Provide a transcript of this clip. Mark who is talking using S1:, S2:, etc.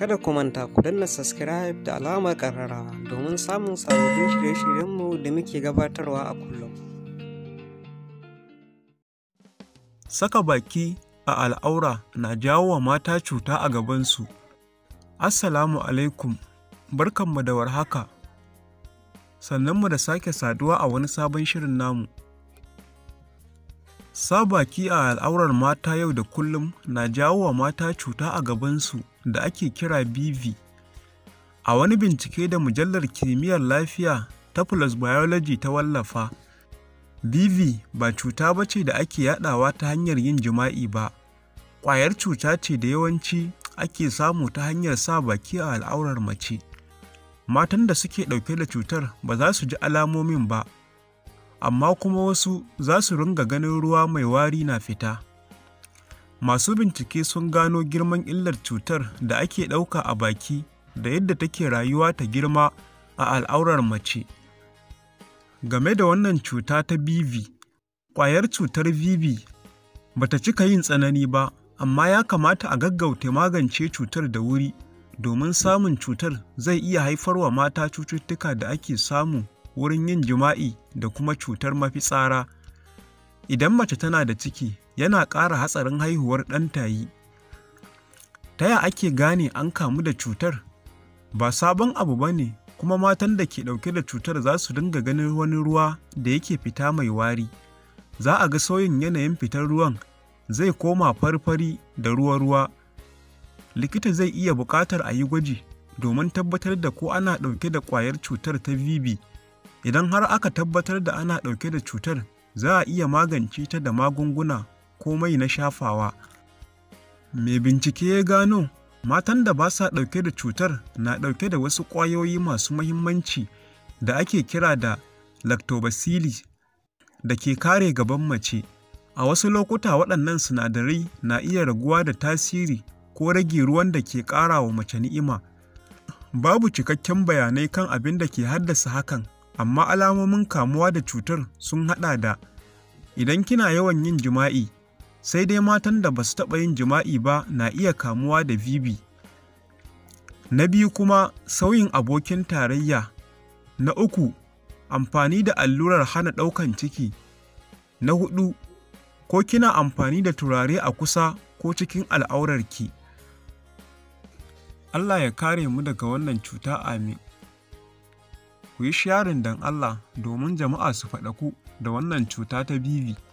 S1: Kada ku manta ku danna subscribe da alamar ƙararrawa domin samun sababbin shirye-shiryenmu da muke gabatarwa a kullum. Saka baki a al'aura na jawo wa mata cuta a gabansu. Assalamu alaikum, barkanmu da warhaka. Sannanmu da sake saduwa a wani sabon shirin namu. Sa baki a al'aurar mata yau da kullum na jawo wa mata cuta a gabansu. da ake kira BV. A wani bincike da Mujallar Kimiyyar Lafiya ta Plus Biology ta wallafa, BV ba cuta ba ce da ake yaɗawa ta hanyar yin jima'i ba, ƙwayar cuta ce da yawanci ake samu ta hanyar sa baki a al'aurar mace. Matan da suke ɗauke da cutar ba za su ji alamomin ba, amma kuma wasu za su ringa ganin ruwa mai wari na fita. masu bincike sun gano girman illar cutar da ake ɗauka a baki da yadda take rayuwa ta girma a al'aurar mace game da wannan cuta ta bv ƙwayar cutar bv bata cika yin tsanani ba amma ya kamata a gaggauta magance cutar da wuri domin samun cutar zai iya haifarwa mata cututtuka da ake samu wurin yin jima'i da kuma cutar mafitsara idan mace tana da ciki yana ƙara hatsarin haihuwar ɗan tayi. Ta ya ake gane an kamu da cutar? Ba sabon abu ba ne kuma matan da ke ɗauke da cutar za su dinga ganin wani ruwa da yake fita mai wari. Za a ga sauyin yanayin fitar ruwan zai koma farfari da ruwa-ruwa. Likita zai iya buƙatar a yi gwaji domin tabbatar da ko ana ɗauke da ƙwayar cutar ta VB. Idan har aka tabbatar da ana ɗauke da cutar, za a iya magance ta da magunguna Komai na shafawa. Mai bincike ya gano matan da ba sa ɗauke da cutar na ɗauke da wasu ƙwayoyi masu mahimmanci da ake kira da lactobacilli da ke kare gaban mace. A wasu lokuta waɗannan sinadarai na iya raguwa da tasiri ko rage ruwan da ke ƙara wa mace ni'ima. Babu cikakken bayanai kan abin da ke haddasa hakan, amma alamomin kamuwa da cutar sun haɗa da idan kina yawan yin jima'i sai dai matan da ba su taɓa yin jima'i ba na iya kamuwa da VB. Na biyu kuma sauyin abokin tarayya. Na uku amfani da allurar hana ɗaukan ciki. Na hudu ko kina amfani da turare a kusa ko cikin al'aurarki. Allah ya kare mu daga wannan cuta amin. Ku yi sharin don Allah domin jama'a su faɗaku da wannan cuta ta bibi.